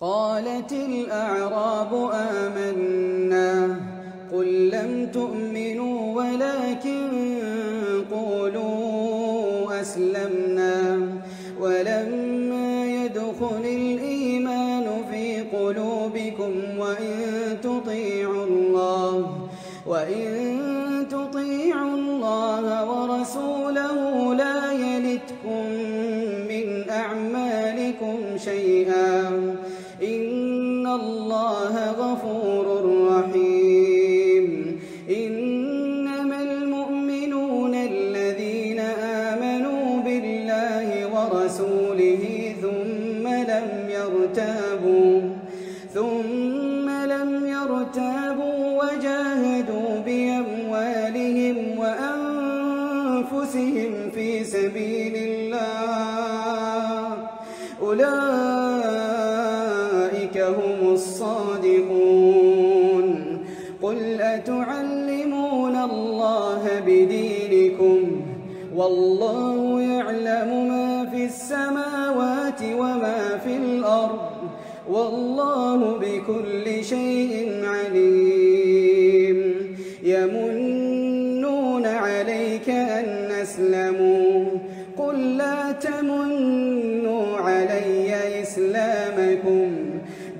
قالت الأعراب آمنا قل لم تؤمنوا ولكن قولوا أسلمنا ولما يدخل الإيمان في قلوبكم وإن تطيعوا الله وإن تطيعوا الله ورسوله لا يلتكم من أعمالكم شيئا الله غفور رحيم إنما المؤمنون الذين آمنوا بالله ورسوله ثم لم يرتابوا ثم لم يرتابوا وجاهدوا بأموالهم وأنفسهم في سبيل الله أولئك هم الصادقون قل أتعلمون الله بدينكم والله يعلم ما في السماوات وما في الأرض والله بكل شيء عليم يمنون عليك أن أسلموا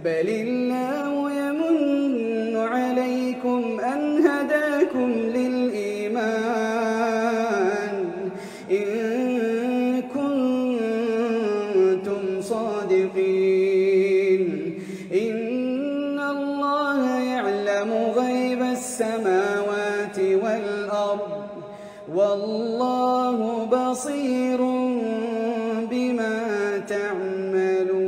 بل الله يمن عليكم أن هداكم للإيمان إن كنتم صادقين إن الله يعلم غيب السماوات والأرض والله بصير بما تعملون